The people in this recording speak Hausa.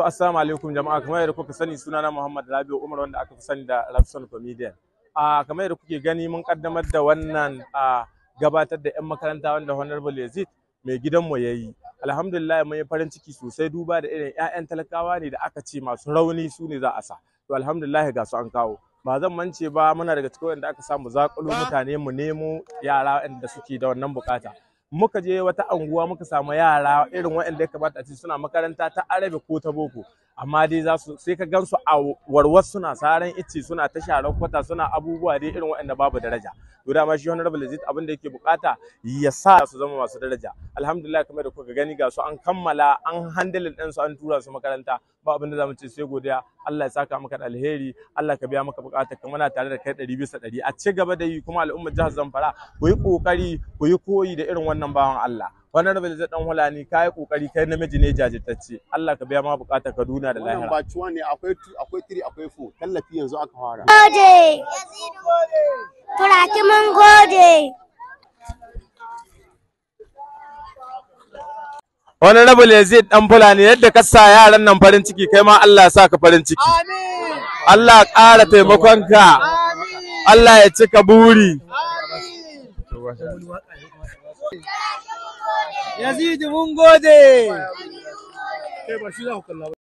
To assalamu alaikum jama'a kamar yadda kuka sani sunana Muhammad Rabi'u Umar wanda aka fi sani da Rapson Comedian. A kamar yadda kuke gani mun kaddamar da wannan a gabatar da 'yan makaranta wanda Honorable Yazid mai mu ya yi. Alhamdulillah mun yi farin ciki sosai duba da irin 'ya'yan talakawa ne da aka ce masu rauni su ne za a sa. To alhamdulillah ga su an kawo. Ba zan mance ba muna daga cikin wanda aka samu zakalo mutane mu nemo yara waɗanda suke da wannan bukata. muka je wata anguwa muka samu yara irin waɗanda ya kamata a ce suna makaranta ta arabi ko ta boko amma dai za su sai ka gan su a warwar suna saran icce suna ta sharar kwata suna abubuwa dai irin waɗanda babu daraja to dama shi honorable Yazid abin da yake bukata ya sa su zama masu daraja alhamdulillah kamar da kuka gani ga su an kammala an handle din su an tura su makaranta ba abin da zamu ce sai godiya Allah ya saka maka alheri Allah ka biya maka bukata ka muna tare da kai ɗari bisa ɗari a ci gaba da yi kuma al'ummar jihar Zamfara ku yi kokari ku yi koyi da irin wannan bawan Allah honorable zai dan hulani ka yi kokari kai namiji ne jajirtacce Allah ka biya ma bukatar ka duna da lahira wannan ba ne akwai akwai tiri akwai fo tallafi yanzu aka fara gode turaki mun gode wani rabu yazid dan fulani yadda ka sa yaran nan farin ciki kai ma Allah ya sa ka farin ciki amin Allah ƙara taimakon ka Allah ya cika buri amin يزيد من جوده